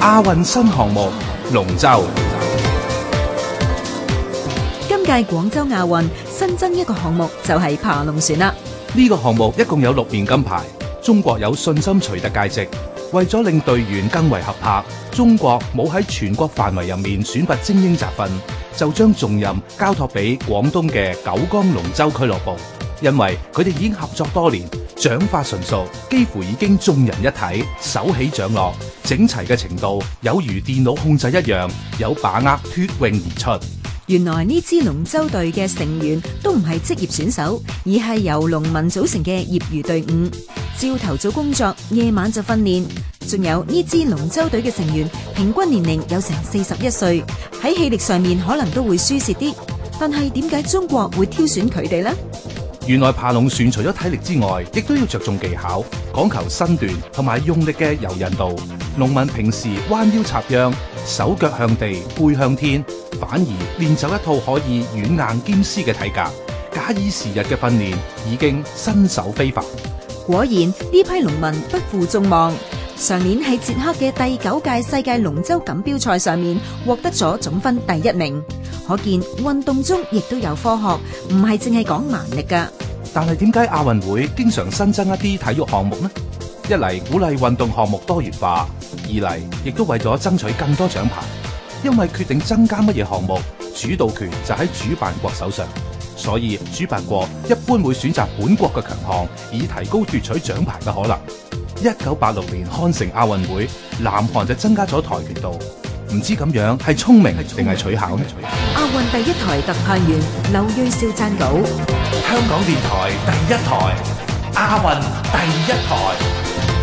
亞運新項目龍舟，今屆廣州亞運新增一個項目就係扒龍船啦。呢、這個項目一共有六面金牌，中國有信心取得佳績。為咗令隊員更為合拍，中國冇喺全國範圍入面選拔精英集訓，就將重任交託俾廣東嘅九江龍舟俱樂部，因為佢哋已經合作多年。槳法純熟，幾乎已經眾人一體，手起槳落，整齊嘅程度有如電腦控制一樣，有把握脫穎而出。原來呢支龍舟隊嘅成員都唔係職業選手，而係由農民組成嘅業餘隊伍。朝頭早工作，夜晚就訓練。仲有呢支龍舟隊嘅成員平均年齡有成四十一歲，喺氣力上面可能都會輸蝕啲。但係點解中國會挑選佢哋呢？原來爬龍船除咗體力之外，亦都要着重技巧，講求身段同埋用力嘅柔韌度。農民平時彎腰插秧，手腳向地，背向天，反而練就一套可以軟硬兼施嘅體格。假以時日嘅訓練，已經身手非凡。果然呢批農民不負眾望，上年喺捷克嘅第九屆世界龍舟錦標賽上面獲得咗總分第一名。可見運動中亦都有科學，唔係淨係講蠻力㗎。但係點解亞運會經常新增一啲體育項目呢？一嚟鼓勵運動項目多元化，二嚟亦都為咗爭取更多獎牌。因為決定增加乜嘢項目，主導權就喺主辦國手上，所以主辦國一般會選擇本國嘅強項，以提高奪取獎牌嘅可能。一九八六年漢城亞運會，南韓就增加咗跆拳道。唔知咁樣係聰明定係取巧呢？亞運第一台特派員劉瑞少撰稿，香港電台第一台，亞運第一台。